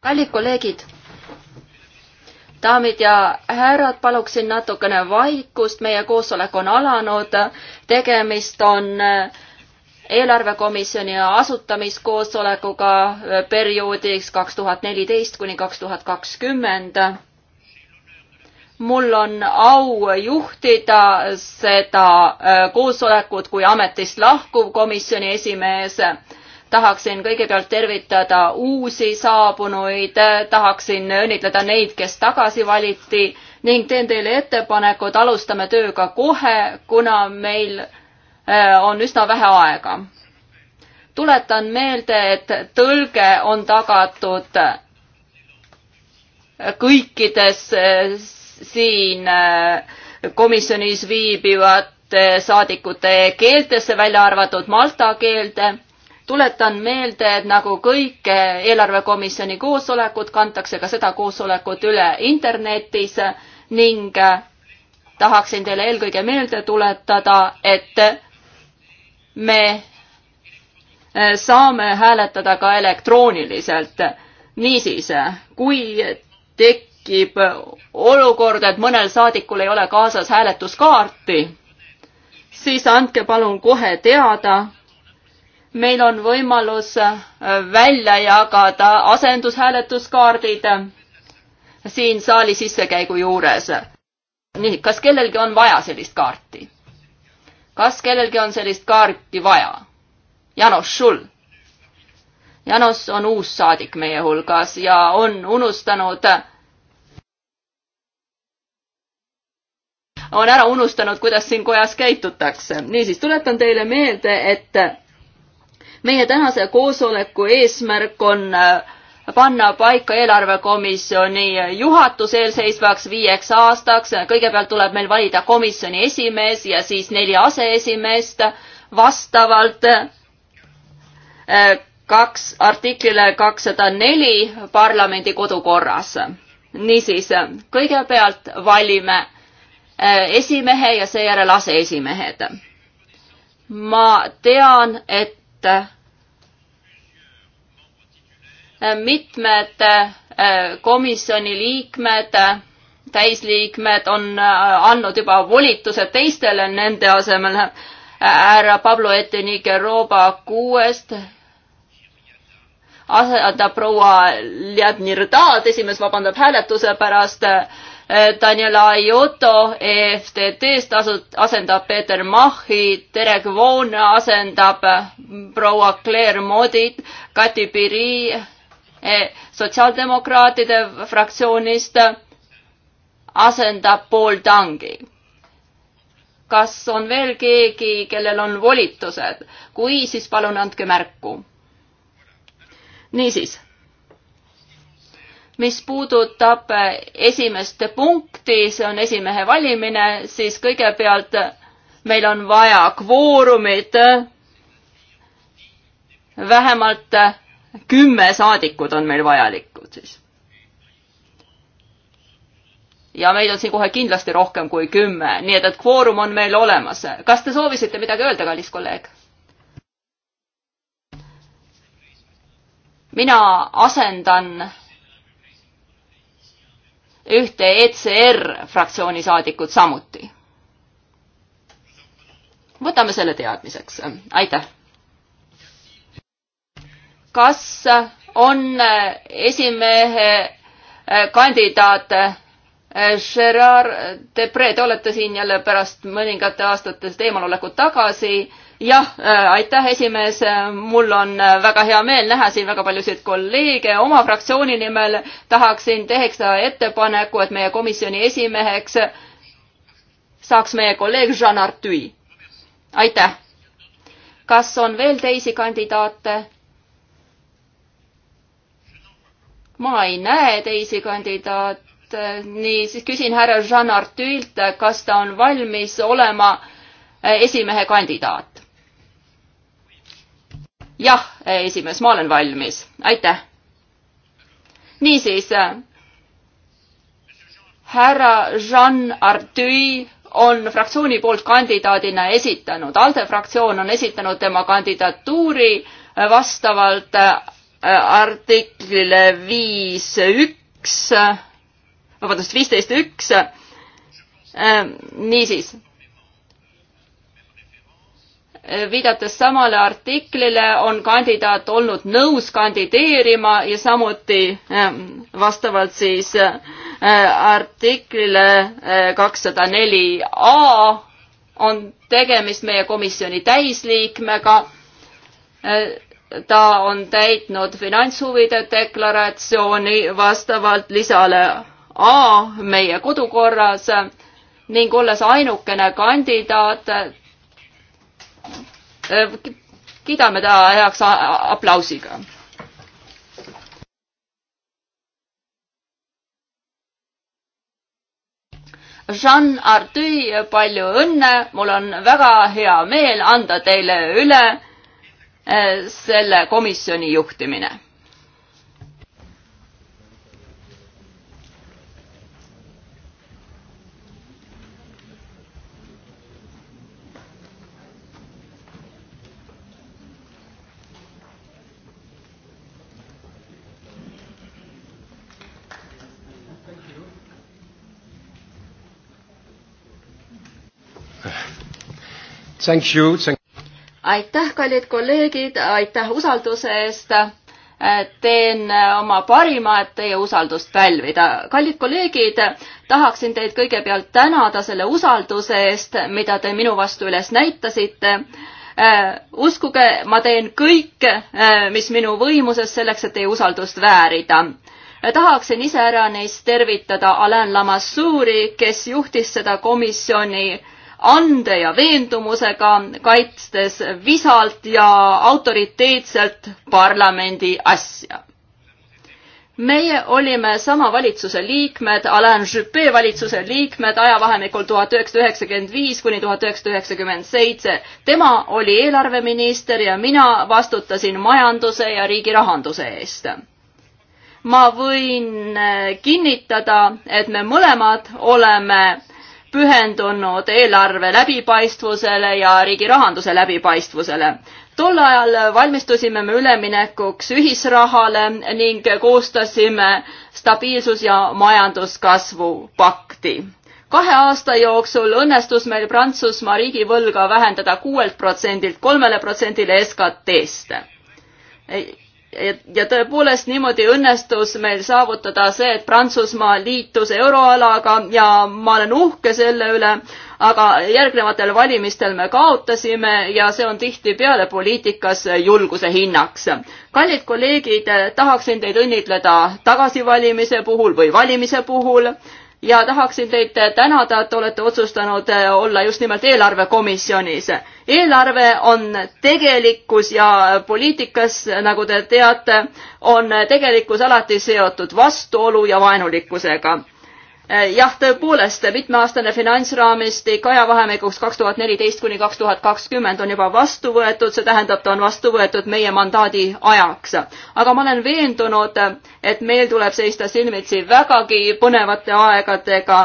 kallid kolleegid, daamid ja härrad, paluksin natukene vaikust, meie koosolek on alanud, tegemist on äh, eelarvekomisjoni asutamiskoosolekuga äh, perioodiks kaks tuhat neliteist kuni kaks tuhat kakskümmend mul on au juhtida seda äh, koosolekut kui ametist lahkuv komisjoni esimees tahaksin kõigepealt tervitada uusi saabunuid, tahaksin õnnitleda neid, kes tagasi valiti ning teen teile ettepaneku, et alustame tööga kohe, kuna meil äh, on üsna vähe aega. tuletan meelde, et tõlge on tagatud kõikides äh, siin äh, komisjonis viibivate saadikute keeltesse, välja arvatud malta keelde tuletan meelde, et nagu kõik eelarvekomisjoni koosolekud, kantakse ka seda koosolekut üle internetis ning äh, tahaksin teile eelkõige meelde tuletada, et me äh, saame hääletada ka elektrooniliselt. niisiis, kui tekib olukord, et mõnel saadikul ei ole kaasas hääletuskaarti, siis andke palun kohe teada meil on võimalus äh, välja jagada asendushääletuskaardid äh, siin saali sissekäigu juures. nii, kas kellelgi on vaja sellist kaarti? kas kellelgi on sellist kaarti vaja? Janos, sul? Janos on uus saadik meie hulgas ja on unustanud on ära unustanud, kuidas siin kojas käitutakse. niisiis, tuletan teile meelde, et meie tänase koosoleku eesmärk on äh, panna paika eelarvekomisjoni juhatus eelseisvaks viieks aastaks. kõigepealt tuleb meil valida komisjoni esimees ja siis neli aseesimeest vastavalt äh, kaks, artiklile kakssada neli parlamendi kodukorras. niisiis, kõigepealt valime äh, esimehe ja seejärel aseesimehed. ma tean, et et äh, mitmed äh, komisjoni liikmed, täisliikmed on äh, andnud juba volitused teistele nende asemel. härra Pablo Etenik Euroopa kuuest asendab proua Ljadnir Taad, esimees vabandab hääletuse pärast Äh, Daniela Aioto EFTT-st asendab Peeter Machi, Derek Voon asendab äh, proua Claire Modit, Kati Piri äh, sotsiaaldemokraatide fraktsioonist asendab Paul Tangi. kas on veel keegi, kellel on volitused? kui, siis palun andke märku. niisiis mis puudutab äh, esimest punkti, see on esimehe valimine, siis kõigepealt meil on vaja kvoorumit. Äh, vähemalt äh, kümme saadikut on meil vajalikud siis. ja meid on siin kohe kindlasti rohkem kui kümme, nii et, et kvoorum on meil olemas. kas te soovisite midagi öelda, kallis kolleeg? mina asendan ühte ECR fraktsiooni saadikut samuti. võtame selle teadmiseks, aitäh. kas on esimehe kandidaat Gerard Depree, te olete siin jälle pärast mõningate aastatest eemalolekut tagasi jah, äh, aitäh, esimees, äh, mul on äh, väga hea meel näha siin väga paljusid kolleege, oma fraktsiooni nimel tahaksin teha ettepaneku, et meie komisjoni esimeheks saaks meie kolleeg Jean Artui. aitäh. kas on veel teisi kandidaate? ma ei näe teisi kandidaate, nii, siis küsin härra Jean Artuilt, kas ta on valmis olema esimehe kandidaat? jah, esimees, ma olen valmis, aitäh. niisiis, äh, härra Jean Artüi on fraktsiooni poolt kandidaadina esitanud, ALDE fraktsioon on esitanud tema kandidatuuri äh, vastavalt äh, artiklile viis üks, vabandust, viisteist üks. niisiis Äh, viidates samale artiklile on kandidaat olnud nõus kandideerima ja samuti ähm, vastavalt siis äh, artiklile äh, kakssada neli A on tegemist meie komisjoni täisliikmega. ta on täitnud finantshuvide deklaratsiooni vastavalt lisale A meie kodukorras ning olles ainukene kandidaat, Äh, kiidame ta heaks aplausiga. Jean Artüi, palju õnne, mul on väga hea meel anda teile üle äh, selle komisjoni juhtimine Thank you, thank you. aitäh, kallid kolleegid, aitäh usalduse eest. teen oma parima, et teie usaldust pälvida. kallid kolleegid, tahaksin teid kõigepealt tänada selle usalduse eest, mida te minu vastu üles näitasite uskuge, ma teen kõik, mis minu võimuses selleks, et teie usaldust väärida. tahaksin iseäranis tervitada Alain Lamassouri, kes juhtis seda komisjoni ande ja veendumusega, kaitstes visalt ja autoriteetselt parlamendi asja. meie olime sama valitsuse liikmed, Alain Juppé valitsuse liikmed ajavahemikul tuhat üheksasada üheksakümmend viis kuni tuhat üheksasada üheksakümmend seitse. tema oli eelarveminister ja mina vastutasin majanduse ja riigi rahanduse eest ma võin kinnitada, et me mõlemad oleme pühendunud eelarve läbipaistvusele ja riigi rahanduse läbipaistvusele. tol ajal valmistusime me üleminekuks ühisrahale ning koostasime stabiilsus- ja majanduskasvu pakti. kahe aasta jooksul õnnestus meil Prantsusmaa riigivõlga vähendada kuuelt protsendilt kolmele protsendile SKT-st ja tõepoolest niimoodi õnnestus meil saavutada see, et Prantsusmaa liitus euroalaga ja ma olen uhke selle üle, aga järgnevatel valimistel me kaotasime ja see on tihtipeale poliitikas julguse hinnaks. kallid kolleegid, tahaksin teid õnnitleda tagasivalimise puhul või valimise puhul ja tahaksin teid tänada, et olete otsustanud eh, olla just nimelt eelarvekomisjonis. eelarve on tegelikkus ja poliitikas, nagu te teate, on tegelikkus alati seotud vastuolu ja vaenulikkusega Eh, jah, tõepoolest, mitmeaastane finantsraamistik ajavahemikuks kaks tuhat neliteist kuni kaks tuhat kakskümmend on juba vastu võetud, see tähendab, ta on vastu võetud meie mandaadi ajaks. aga ma olen veendunud, et meil tuleb seista silmitsi vägagi põnevate aegadega.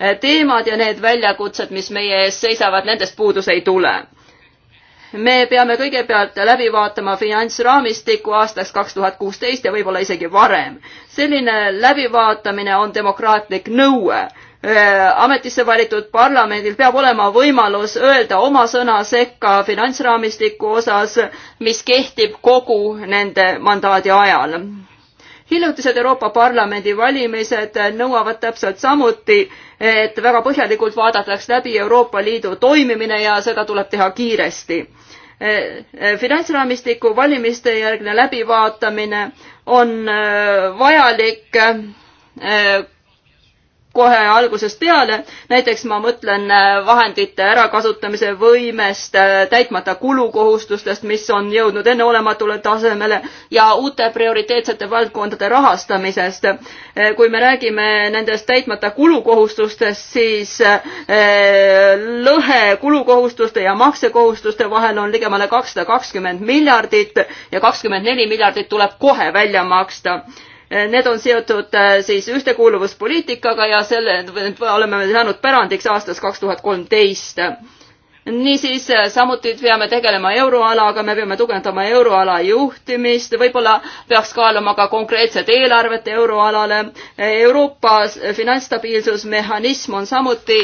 Eh, teemad ja need väljakutsed, mis meie ees seisavad, nendest puudus ei tule me peame kõigepealt läbi vaatama finantsraamistiku aastaks kaks tuhat kuusteist ja võib-olla isegi varem. selline läbivaatamine on demokraatlik nõue. Äh, ametisse valitud parlamendil peab olema võimalus öelda oma sõna sekka finantsraamistiku osas, mis kehtib kogu nende mandaadi ajal hiljutised Euroopa Parlamendi valimised nõuavad täpselt samuti, et väga põhjalikult vaadatakse läbi Euroopa Liidu toimimine ja seda tuleb teha kiiresti. finantsraamistiku valimiste järgne läbivaatamine on vajalik kohe algusest peale, näiteks ma mõtlen äh, vahendite ärakasutamise võimest, äh, täitmata kulukohustustest, mis on jõudnud enneolematule tasemele ja uute prioriteetsete valdkondade rahastamisest. Äh, kui me räägime nendest täitmata kulukohustustest, siis lõhe kulukohustuste ja maksekohustuste vahel on ligemale kakssada kakskümmend miljardit ja kakskümmend neli miljardit tuleb kohe välja maksta Eh, need on seotud eh, siis ühtekuuluvuspoliitikaga ja selle oleme saanud pärandiks aastast kaks tuhat kolmteist niisiis eh, samuti peame tegelema euroalaga, me peame tugevdama euroala juhtimist, võib-olla peaks kaaluma ka konkreetset eelarvet euroalale. Euroopa finantsstabiilsusmehhanism on samuti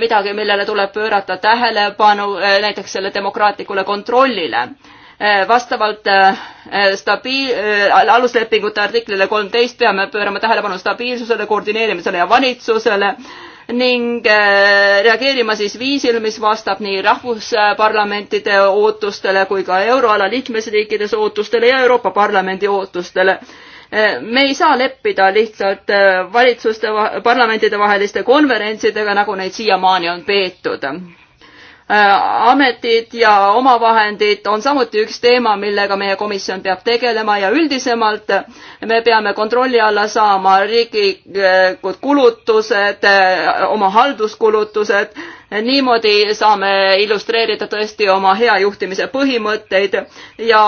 midagi, millele tuleb pöörata tähelepanu, näiteks selle demokraatlikule kontrollile Eh, vastavalt eh, stabiil-, eh, aluslepingute artiklile kolmteist peame pöörama tähelepanu stabiilsusele, koordineerimisele ja valitsusele ning reageerima siis viisil, mis vastab nii rahvusparlamentide ootustele kui ka euroala liikmesriikides ootustele ja Euroopa Parlamendi ootustele. me ei saa leppida lihtsalt valitsuste, parlamentide vaheliste konverentsidega, nagu neid siiamaani on peetud Äh, ametid ja omavahendid on samuti üks teema, millega meie komisjon peab tegelema ja üldisemalt me peame kontrolli alla saama riiklikud äh, kulutused, äh, oma halduskulutused. niimoodi saame illustreerida tõesti oma hea juhtimise põhimõtteid ja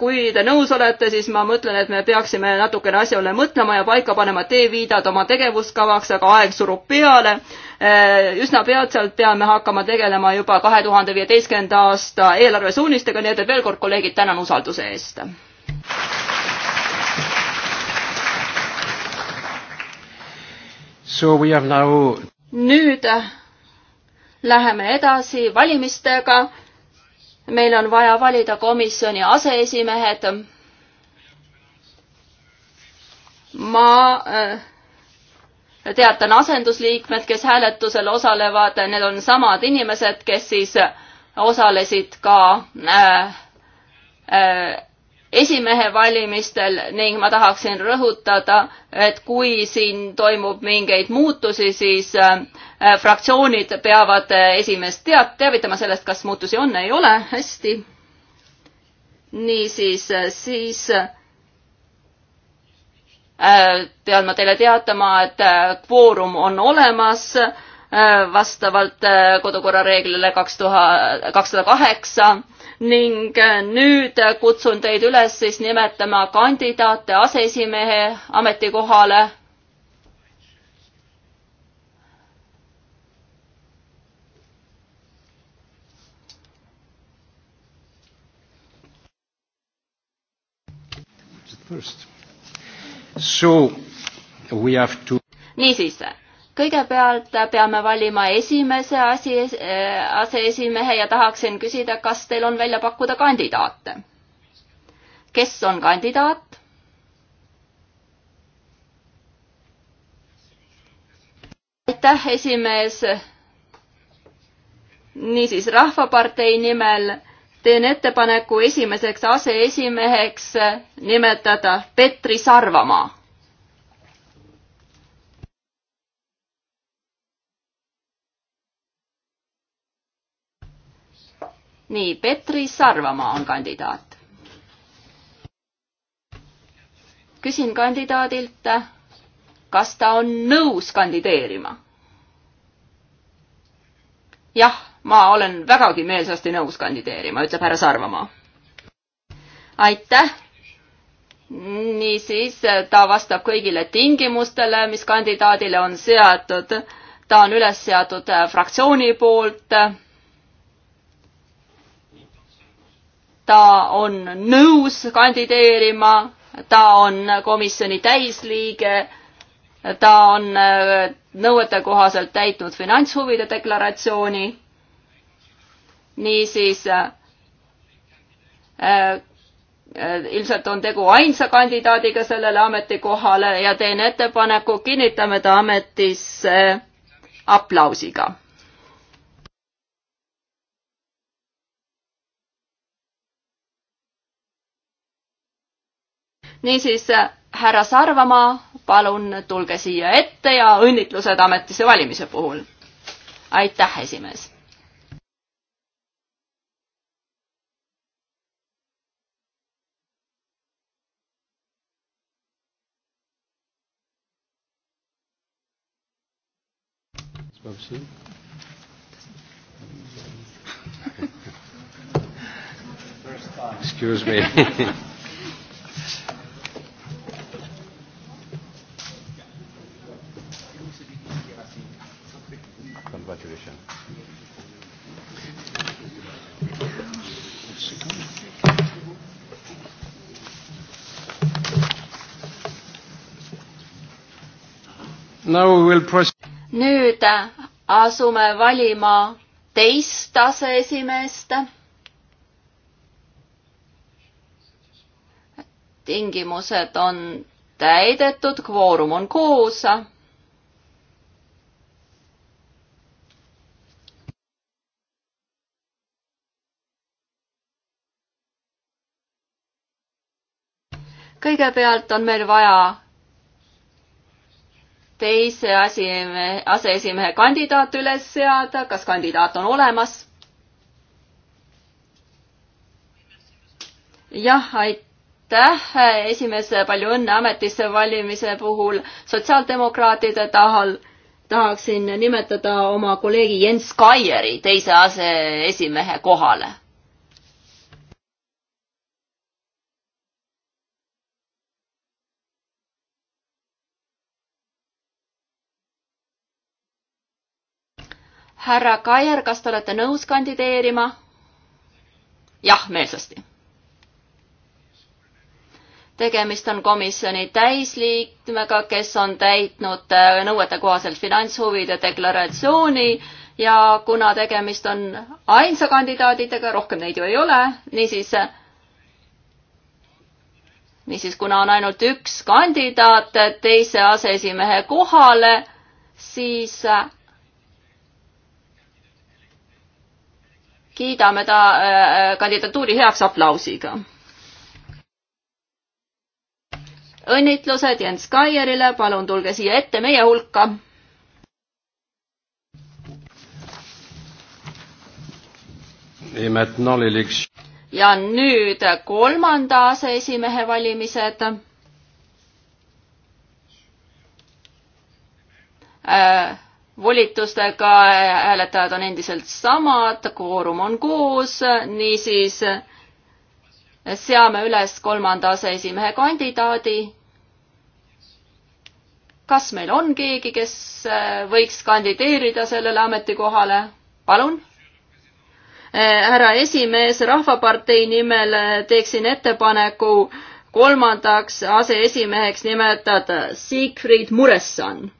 kui te nõus olete, siis ma mõtlen, et me peaksime natukene asjale mõtlema ja paika panema teeviidad oma tegevuskavaks, aga aeg surub peale Äh, üsna peatselt peame hakkama tegelema juba kahe tuhande viieteistkümnenda aasta eelarvesuunistega, nii et veel kord, kolleegid, tänan usalduse eest. Now... nüüd läheme edasi valimistega. meil on vaja valida komisjoni aseesimehed. ma äh, teatan asendusliikmed, kes hääletusel osalevad, need on samad inimesed, kes siis osalesid ka äh, äh, esimehe valimistel ning ma tahaksin rõhutada, et kui siin toimub mingeid muutusi, siis äh, fraktsioonid peavad äh, esimeest teat-, teavitama sellest, kas muutusi on, ei ole, hästi. niisiis, äh, siis, siis äh, Äh, pean ma teile teatama, et äh, kvoorum on olemas äh, vastavalt kodukorra reeglile kaks tuhat, kakssada kaheksa ning nüüd kutsun teid üles siis nimetama kandidaate aseesimehe ametikohale. First. To... niisiis, kõigepealt peame valima esimese asi, äh, aseesimehe ja tahaksin küsida, kas teil on välja pakkuda kandidaate? kes on kandidaat? aitäh, esimees. niisiis, Rahvapartei nimel teen ettepaneku esimeseks aseesimeheks nimetada Petri Sarvamaa. nii, Petri Sarvamaa on kandidaat. küsin kandidaadilt, kas ta on nõus kandideerima? jah ma olen vägagi meelsasti nõus kandideerima, ütleb härra Sarvamaa. aitäh. niisiis, ta vastab kõigile tingimustele, mis kandidaadile on seatud. ta on üles seatud äh, fraktsiooni poolt. ta on nõus kandideerima, ta on komisjoni täisliige ta on äh, nõuete kohaselt täitnud finantshuvide deklaratsiooni niisiis äh, äh, ilmselt on tegu ainsa kandidaadiga sellele ametikohale ja teen ettepaneku, kinnitame ta ametisse aplausiga. niisiis, härra Sarvamaa, palun tulge siia ette ja õnnitlused ametisse valimise puhul. aitäh, esimees Excuse me. Congratulations. Now we will proceed nüüd asume valima teist aseesimeest. tingimused on täidetud, kvoorum on koos. kõigepealt on meil vaja teise asime, aseesimehe kandidaat üles seada, kas kandidaat on olemas? jah, aitäh, esimees, palju õnne ametisse valimise puhul. sotsiaaldemokraatide tahal tahaksin nimetada oma kolleegi Jens Kaieri teise aseesimehe kohale härra Kaier, kas te olete nõus kandideerima? jah, meelsasti. tegemist on komisjoni täisliikmega, kes on täitnud äh, nõuete kohaselt finantshuvide deklaratsiooni ja kuna tegemist on ainsa kandidaadidega, rohkem neid ju ei ole, niisiis niisiis, kuna on ainult üks kandidaat teise aseesimehe kohale, siis kiidame ta äh, kandidatuuri heaks aplausiga. õnnitlused Jens Kaierile, palun tulge siia ette meie hulka. ja nüüd kolmanda aseesimehe valimised äh, volitustega, hääletajad on endiselt samad, kvoorum on koos, niisiis seame üles kolmanda aseesimehe kandidaadi. kas meil on keegi, kes võiks kandideerida sellele ametikohale? palun. härra esimees, Rahvapartei nimel teeksin ettepaneku kolmandaks aseesimeheks nimetada Siegfried Muresson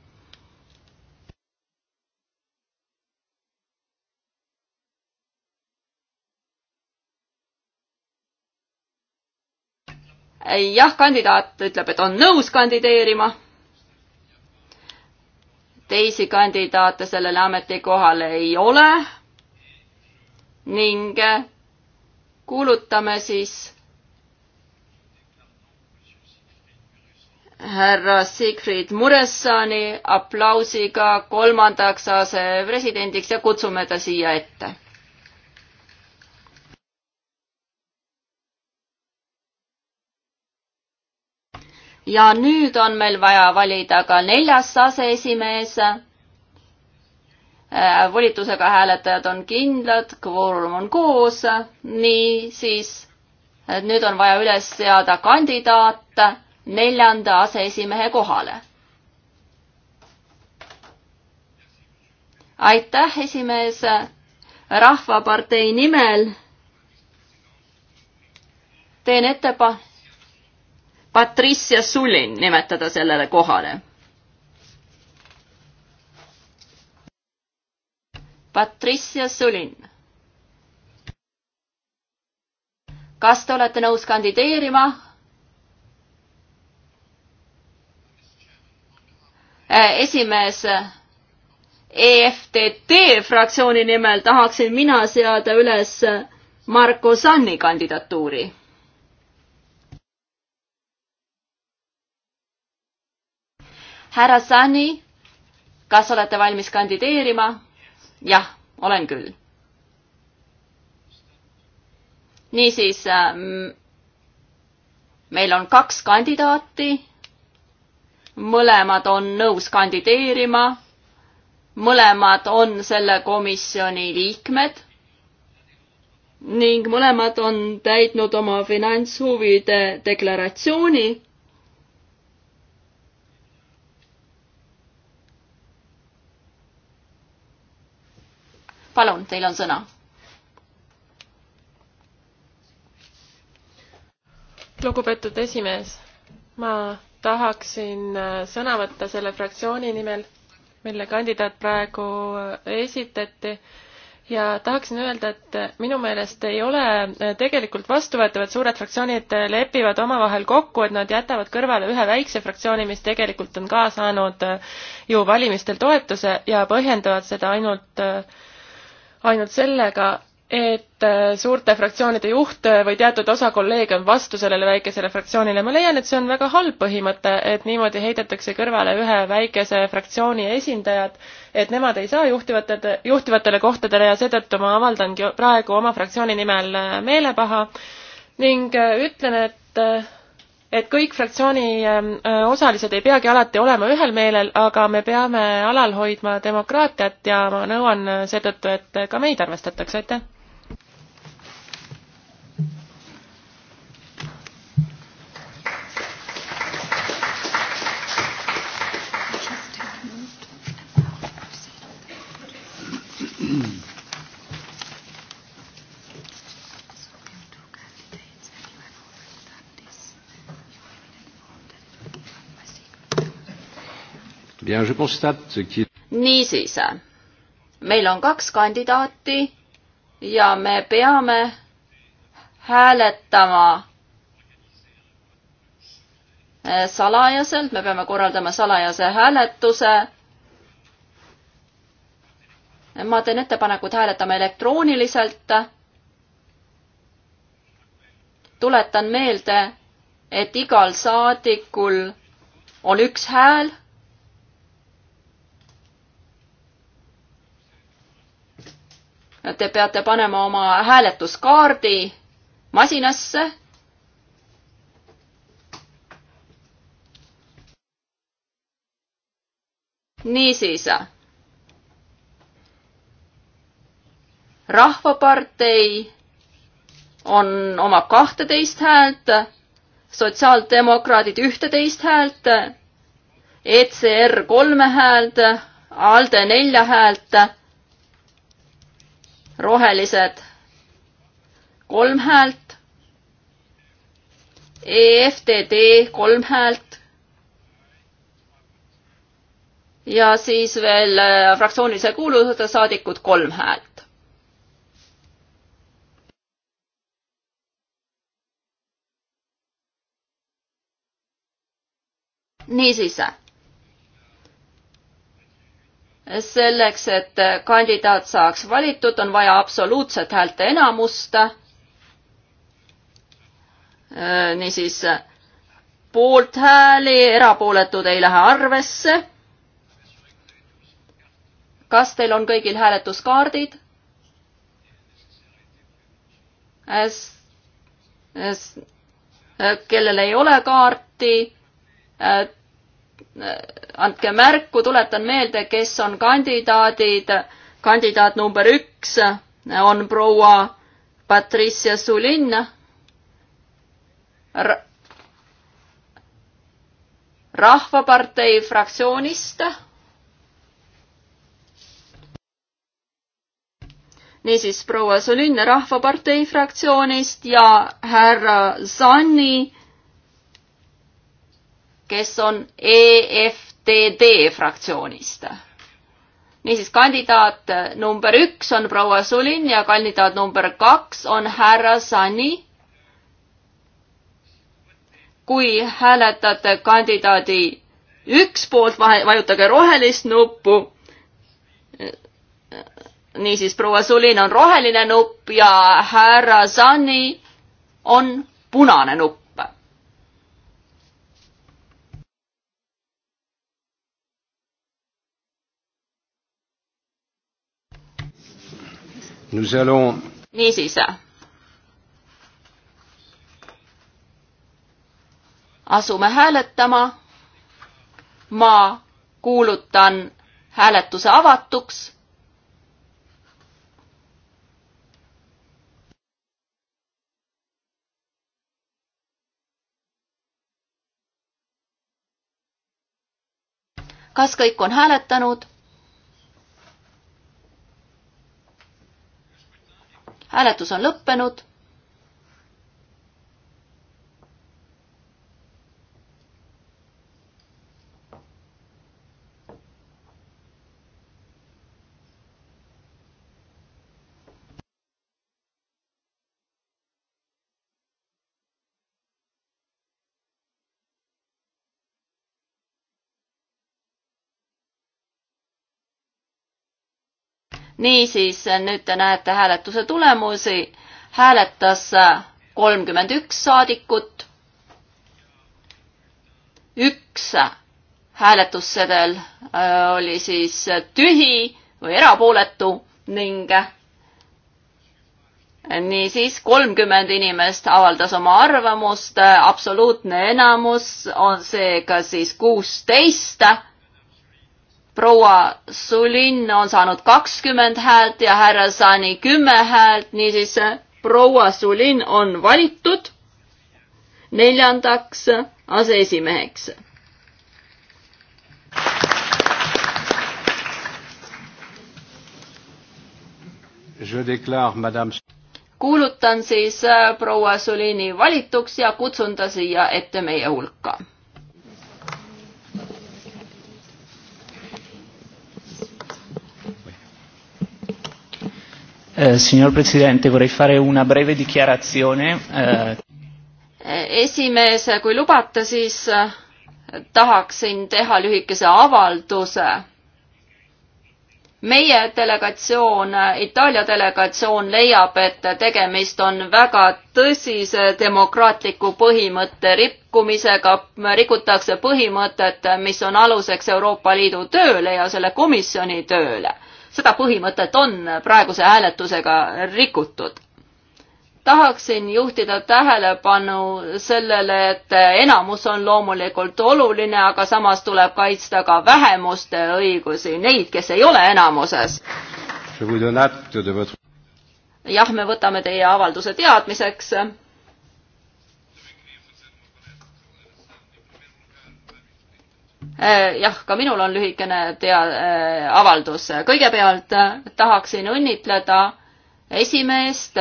jah kandidaat ütleb, et on nõus kandideerima. teisi kandidaate sellele ametikohale ei ole. ning eh, kuulutame siis härra Siegfried Muressani aplausiga kolmandaks asepresidendiks ja kutsume ta siia ette ja nüüd on meil vaja valida ka neljas aseesimees. Äh, volitusega hääletajad on kindlad, kvoorum on koos, niisiis äh, nüüd on vaja üles seada kandidaat neljanda aseesimehe kohale. aitäh, esimees, Rahvapartei nimel teen ettepaneku Patricia Sulin nimetada sellele kohale. Patricia Sulin. kas te olete nõus kandideerima? Äh, esimees EFTT fraktsiooni nimel tahaksin mina seada üles Marko Sanni kandidatuuri härra Sani, kas olete valmis kandideerima? jah, olen küll. niisiis, äh, meil on kaks kandidaati. mõlemad on nõus kandideerima. mõlemad on selle komisjoni liikmed ning mõlemad on täitnud oma finantshuvide deklaratsiooni palun, teil on sõna. lugupeetud esimees, ma tahaksin äh, sõna võtta selle fraktsiooni nimel, mille kandidaat praegu äh, esitati ja tahaksin öelda, et äh, minu meelest ei ole tegelikult vastuvõetavad, suured fraktsioonid lepivad omavahel kokku, et nad jätavad kõrvale ühe väikse fraktsiooni, mis tegelikult on ka saanud ju valimistel toetuse ja põhjendavad seda ainult äh, ainult sellega, et äh, suurte fraktsioonide juht äh, või teatud osa kolleege on vastu sellele väikesele fraktsioonile. ma leian, et see on väga halb põhimõte, et niimoodi heidetakse kõrvale ühe väikese fraktsiooni esindajad, et nemad ei saa juhtivatele, juhtivatele kohtadele ja seetõttu ma avaldangi praegu oma fraktsiooni nimel äh, meelepaha ning ütlen, et et kõik fraktsiooni ähm, äh, osalised ei peagi alati olema ühel meelel, aga me peame alal hoidma demokraatiat ja ma nõuan äh, seetõttu, et äh, ka meid arvestatakse, aitäh! niisiis, meil on kaks kandidaati ja me peame hääletama salajaselt, me peame korraldama salajase hääletuse. ma teen ettepaneku, et hääletame elektrooniliselt. tuletan meelde, et igal saadikul on üks hääl Te peate panema oma hääletuskaardi masinasse niisiis, rahvapartei on, omab kahteteist häält, sotsiaaldemokraadid ühteteist häält, ECR kolme häält, ALDE nelja häält rohelised kolm häält, EFTD kolm häält ja siis veel äh, fraktsioonilise kuuluvuse saadikud kolm häält. niisiis äh, selleks, et kandidaat saaks valitud, on vaja absoluutset häälteenamust. Äh, niisiis poolthääli, erapooletud ei lähe arvesse. kas teil on kõigil hääletuskaardid? kellel ei ole kaarti, äh, andke märku, tuletan meelde, kes on kandidaadid. kandidaat number üks on proua Patricia Sulin Ra. rahvapartei fraktsioonist. niisiis proua Sulin Rahvapartei fraktsioonist ja härra Zanni kes on EFTD fraktsioonist. niisiis, kandidaat number üks on proua Sulin ja kandidaat number kaks on härra Sani. kui hääletate kandidaadi üks poolt, vajutage rohelist nuppu. niisiis, proua Sulin on roheline nupp ja härra Sani on punane nupp. allons... niisiis. asume hääletama. ma kuulutan hääletuse avatuks. kas kõik on hääletanud? hääletus on lõppenud niisiis, nüüd te näete hääletuse tulemusi. hääletas kolmkümmend üks saadikut. üks hääletussedel äh, oli siis tühi või erapooletu ning niisiis kolmkümmend inimest avaldas oma arvamust, absoluutne enamus on seega siis kuusteist proua Sulin on saanud kakskümmend häält ja härra Sani kümme häält, niisiis proua Sulin on valitud neljandaks aseesimeheks. kuulutan siis proua Sulini valituks ja kutsun ta siia ette meie hulka Eh, signor Presidente, vorrei fare una breve dichiarazione. Eh. eh esimees, kui lubate, siis eh, tahaksin teha lühikese avalduse. meie delegatsioon, eh, Itaalia delegatsioon leiab, et tegemist on väga tõsise demokraatliku põhimõtte rikkumisega, rikutakse põhimõtet, mis on aluseks Euroopa Liidu tööle ja selle komisjoni tööle seda põhimõtet on praeguse hääletusega rikutud. tahaksin juhtida tähelepanu sellele, et enamus on loomulikult oluline, aga samas tuleb kaitsta ka vähemuste õigusi, neid, kes ei ole enamuses. jah, me võtame teie avalduse teadmiseks Äh, jah, ka minul on lühikene tea-, äh, avaldus. kõigepealt äh, tahaksin õnnitleda esimeest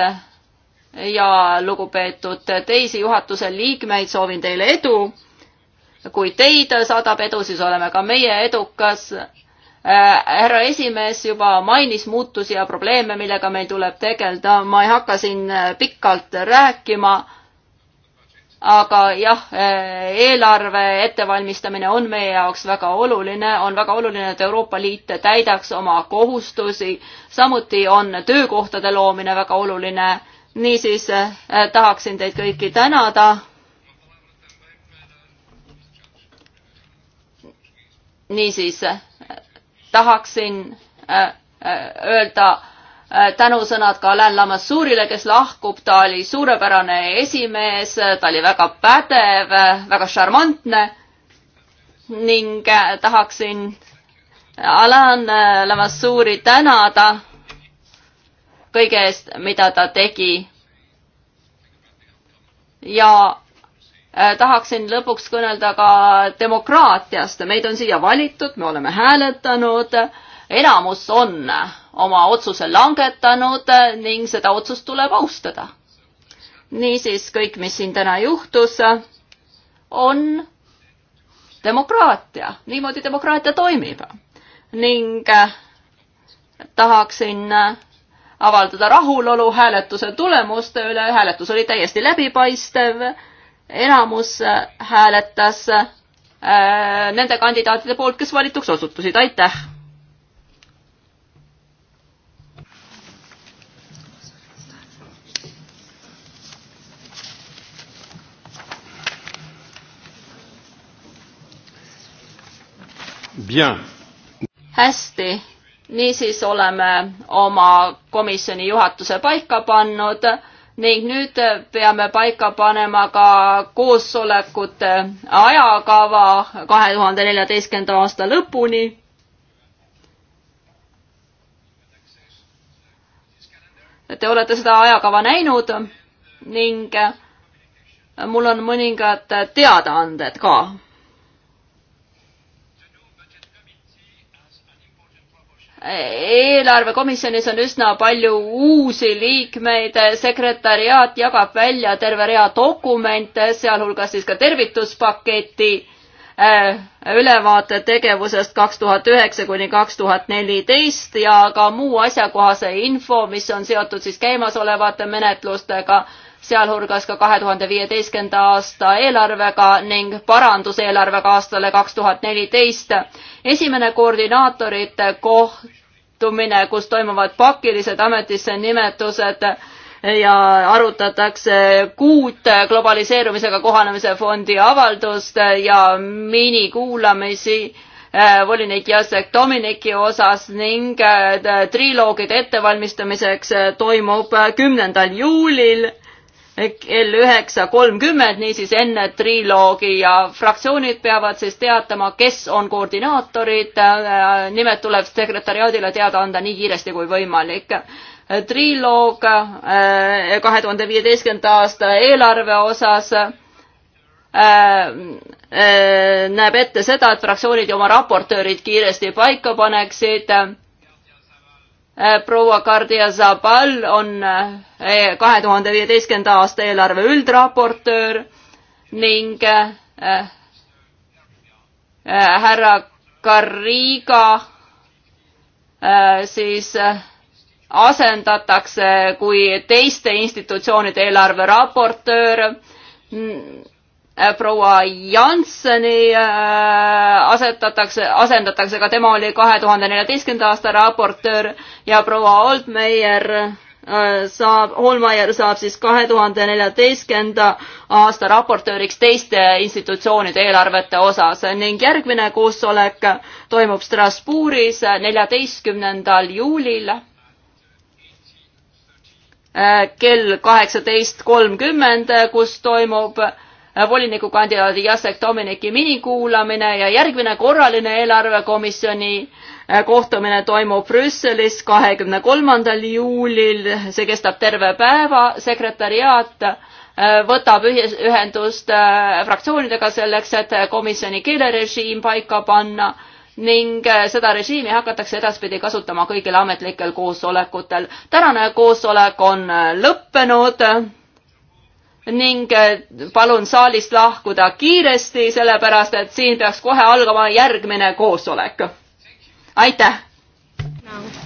ja lugupeetud teisi juhatuse liikmeid, soovin teile edu. kui teid saadab edu, siis oleme ka meie edukas. härra esimees juba mainis muutusi ja probleeme, millega meil tuleb tegeleda, ma ei hakka siin pikalt rääkima aga jah, eh, eelarve ettevalmistamine on meie jaoks väga oluline, on väga oluline, et Euroopa Liit täidaks oma kohustusi, samuti on töökohtade loomine väga oluline. niisiis eh, tahaksin teid kõiki tänada. niisiis eh, tahaksin eh, eh öelda Äh, tänusõnad ka Alain Lamassuurile, kes lahkub, ta oli suurepärane esimees, ta oli väga pädev, väga šarmantne ning äh, tahaksin Alain äh, Lamassuuri tänada kõige eest, mida ta tegi. ja tahaksin lõpuks kõnelda ka demokraatiast, meid on siia valitud, me oleme hääletanud äh, enamus on oma otsuse langetanud ning seda otsust tuleb austada. niisiis kõik, mis siin täna juhtus, on demokraatia, niimoodi demokraatia toimib ning tahaksin avaldada rahulolu hääletuse tulemuste üle, hääletus oli täiesti läbipaistev, enamus hääletas äh, nende kandidaatide poolt, kes valituks osutusid, aitäh! hästi, niisiis oleme oma komisjoni juhatuse paika pannud ning nüüd peame paika panema ka koosolekute ajakava kahe tuhande neljateistkümnenda aasta lõpuni te olete seda ajakava näinud ning mul on mõningad teadaanded ka eelarvekomisjonis on üsna palju uusi liikmeid, sekretäriaat jagab välja terve rea dokumente, sealhulgas siis ka tervituspaketi äh, ülevaate tegevusest kaks tuhat üheksa kuni kaks tuhat neliteist ja ka muu asjakohase info, mis on seotud siis käimasolevate menetlustega sealhulgas ka kahe tuhande viieteistkümnenda aasta eelarvega ning paranduseelarvega aastale kaks tuhat neliteist. esimene koordinaatorite kohtumine, kus toimuvad pakilised ametisse nimetused ja arutatakse kuut globaliseerumisega kohanemise fondi avaldust ja minikuulamisi äh, volinik Jacek Dominiki osas ning äh, triloogide ettevalmistamiseks äh, toimub kümnendal juulil kell üheksa kolmkümmend, niisiis enne triloogi ja fraktsioonid peavad siis teatama, kes on koordinaatorid. nimed tuleb sekretäriaadile teada anda nii kiiresti kui võimalik. triloog eh, kahe tuhande viieteistkümnenda aasta eelarve osas eh, eh, näeb ette seda, et fraktsioonid ja oma raportöörid kiiresti paika paneksid Äh, proua Kardia Zabal on äh, e, kahe tuhande viieteistkümnenda aasta eelarve üldraportöör ning äh, härra Garriga siis asendatakse kui teiste institutsioonide eelarve raportöör mm, Äh, proua Jansseni äh, asetatakse, asendatakse, ka tema oli kahe tuhande neljateistkümnenda aasta raportöör ja proua Oldmeier äh, saab, Holmeier saab siis kahe tuhande neljateistkümnenda aasta raportööriks teiste institutsioonide eelarvete osas ning järgmine koosolek toimub Strasbourgis neljateistkümnendal juulil kell kaheksateist kolmkümmend, kus toimub Äh, volinikukandidaadi Jacek Dominiki minikuulamine ja järgmine korraline eelarvekomisjoni äh, kohtumine toimub Brüsselis kahekümne kolmandal juulil, see kestab terve päeva, sekretäriaat äh, võtab ühendust fraktsioonidega selleks, et komisjoni keelerežiim paika panna ning seda režiimi hakatakse edaspidi kasutama kõigil ametlikel koosolekutel. tänane koosolek on lõppenud ning eh, palun saalist lahkuda kiiresti, sellepärast et siin peaks kohe algama järgmine koosolek. aitäh no.!